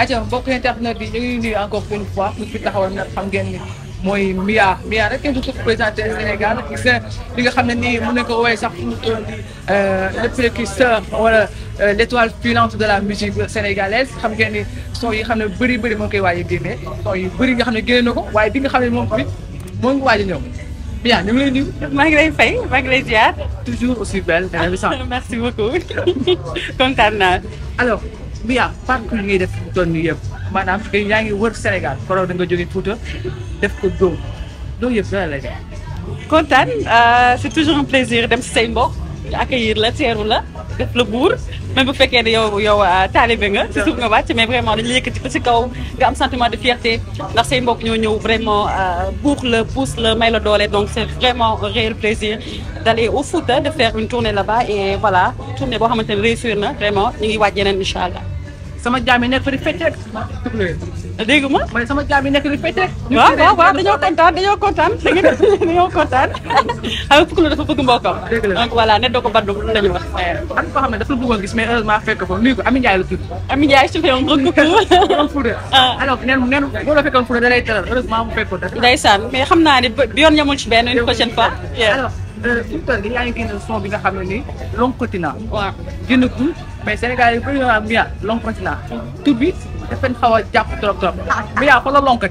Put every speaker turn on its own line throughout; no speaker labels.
aja mbokk internet yi ñu ngi nuyu encore une fois ku fi taxawal nag xam ngeen mooy Mia Mia rek kenn du ko Sénégal gis na li nga xam ne nii mën na ko woowee sax fu mu toll nii euh, le précurseur wala euh, l' étoile filante de la musique sénégalaise xam ngeen ni son yi xam ne bëri bëri moo ngi koy waaj a génne son yi bëri nga xam ne génne na ko waaye bi nga xam ne moom tamit moo ngi waaj a ñëw Mia ñu ngi lay nuyu. maa ngi lay fay maa ngi lay ziar. toujours aussi belle. merci beaucoup kontaan naa. alors. bi yaa partout yi ngay def fi mu toll nii yëpp maanaam yaa ngi wër Sénégal koroog da nga jógee Fouta def ko Dóor loolu yëpp dina la lay kontaan euh, c'est toujours un plaisir dem si say mbokk ñu accueillir la
teeru la def la buur. même bu fekkee ne yow yow euh, taalibe nga si suuf nga wàcc mais vraiment dañu yëkkati ba si kaw nga sentiment de fierté ndax say mbokk ñoo ñëw vraiment euh, buux la pousse la may la doole donc c' est vraiment un réel plaisir d' aller au Fouta de faire une tournée là et voilà tournée boo xamante ne réussir na vraiment ñu ngi waaj yeneen incha allah sama jaam yi nekk fa di fecc rek. dégg ma man sama jaam yi nekk di fecc rek. waaw waaw waaw dañoo kontaan dañoo kontaan da ngeen dañoo kontaan xam nga Tukulóor dafa bëgg mbokkam. donc voilà ne doo ko baddu la ñu wax. am ne dafa bëggoon fekk ko nuyu ko Ami Ndiaye la tudd. Ami Ndiaye su fekkee moom rek kooku. alors nen nen boo la fekkoon Fulé da lay ne bi yoon
euh, ne nii mais Sénégal yi bëri na am Mia lonkoñ laa tur bi dafa xaw jàpp trop trop Mia fa la lonkoñ.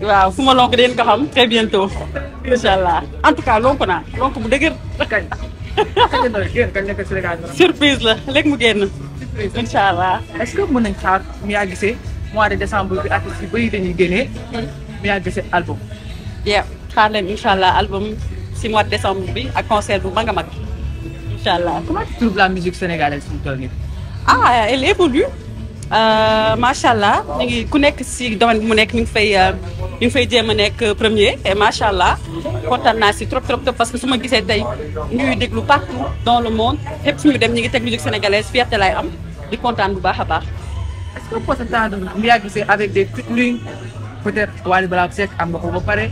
waaw fu ma lonk deen ko xam très bientôt incha allah en tout cas lonk naa lonk bu dëgër.
surprise la léegi mu génn. surprise est-ce nañ xaar Mia Guissé mois de décembre bi artistes yu bëri dañuy génnee Mia Guissé album.
bien xaar leen incha allah album si mois de décembre bi ak concert bu mag a mag. incha
allah. comment tu la musique sénégalaise fi mu toll nii.
ah euh, macha allah ñu ku nekk si domaine bi mu nekk ñu ngi fay euh, ñu fay jéem a nekk euh, premier et macha allah kontaan naa si trop trop parce que su ma gisee tey ñuy déglu partout dans le monde fépp fu ñu dem ñu ngi teg musique sénégalaise fierté laay am di kontaan bu baax a baax.
est-ce que mu yàgg si avec des peut-être Wally Ballago Seck am nga ko
ba pare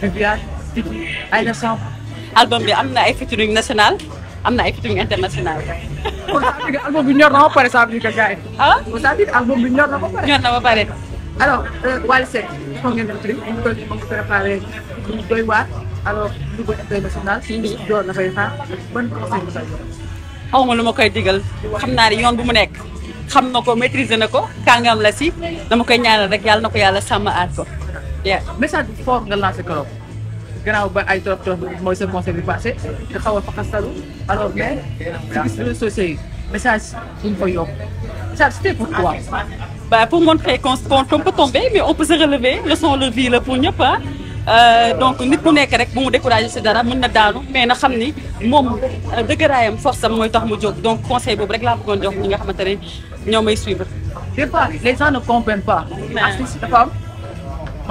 Viviane Titi Aïda Samb. album bi am na ay featuring national. am na ay featuring international. kon ça veut dire album bi ñor na ba pare ça veut dire que gars yi. ah kon ça veut dire album bi ñor
na ba pare. ñor na ba pare. alors euh, Wally Seck foog ngeen def tri ñu toll nii moom préparé ñu doy waar alors lu ko international suñu bis door na fay xaar ban conseil nga koy jox.
xaw ma lu ma koy digal xam naa ne yoon bu mu nekk xam na ko maîtriser na ko kàngam la si dama koy ñaanal rek yàlla na ko yàlla sàmm aar ko.
message bu fort nga lancé keroog. gannaaw ba ay trop trop mooy sa conseil bi passé nga xaw a faxastalu alors mais gis réseaux sociaux yi message duñ fa yokk ça c'était pour toi
bah pour montrer qu'on qu'on peut tomber mais on peut se relever leçon de vie la pour ñëpp ah. Euh, donc nit ku nekk rek bu mu découragé si dara mën na daanu mais na xam ni moom euh, dëgëraayam force am mooy tax mu jóg donc conseil boobu rek laa bëggoon jox ñi nga xamante ne ñoo may suivre.
des fois les gens ne comprennent pas. mais artiste dafa am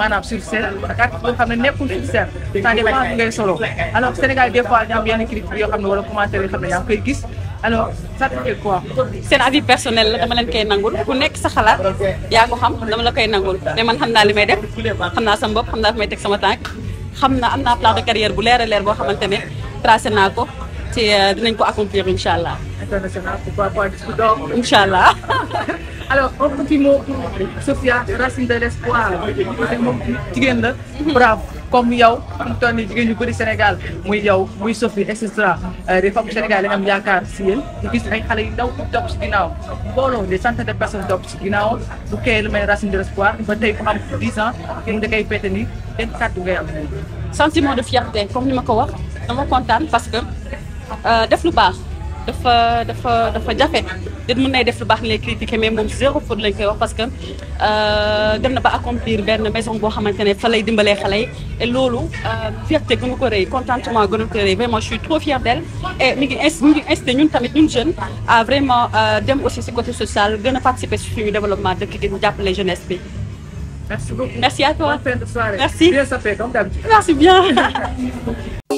maanaam sur scène ak loo xam ne nekkul sur scène c'est-à-dire maa ngay solo alors Sénégal des fois ñu am yenn critique yoo xam ne wala commentaire yoo xam ne yaa ngi koy gis alors ça te fait quoi.
seen avis personnel la dama leen koy nangul ku nekk sa xalaat yaa ko xam dama la koy nangul mais man xam naa li may def xam naa sama bopp xam naa fi may teg sama tànk xam naa am naa plan de carrière bu leer a leer boo xamante ne tracé naa ko te euh, dinañ ko accomplir
incha allah. international pourquoi pas incha allah. alo un petit mot Sophia de jigéen la brave comme yow mu toll nii jigéen ñu bëri Sénégal muy yow muy Sophie et cetera euh, des femmes Sénégal dañu am yaakaar si yéen di gis ay xale yu ndaw topp si ginnaaw mbooloo des centaines de personnes topp si ginnaaw bu kee lu may racine de l'espoir ba tey ku am 10 ans mu ngi koy pété nii benn kàddu ngay
sentiment de fierté comme ni ma ko wax dama kontaan parce que euh, def lu baax. dafa dafa dafa jafe nit mën nay def lu baax ni lay critiquer mais moom zéro faute lañ koy wax parce que euh, dem na ba accomplir benn maison boo xamante ne fa lay dimbalee xale yi et loolu euh, fierté gënu ko rëy contentement gënu ko rëy vraiment je trop fière d'elle et mi ngi mi ngi incité ñun tamit ñun jeune à vraiment euh, dem aussi si côté social gën a participer si suñu développement dëkk gi ñu jàppale jeunesse bi merci beaucoup merci à toi merci merci bien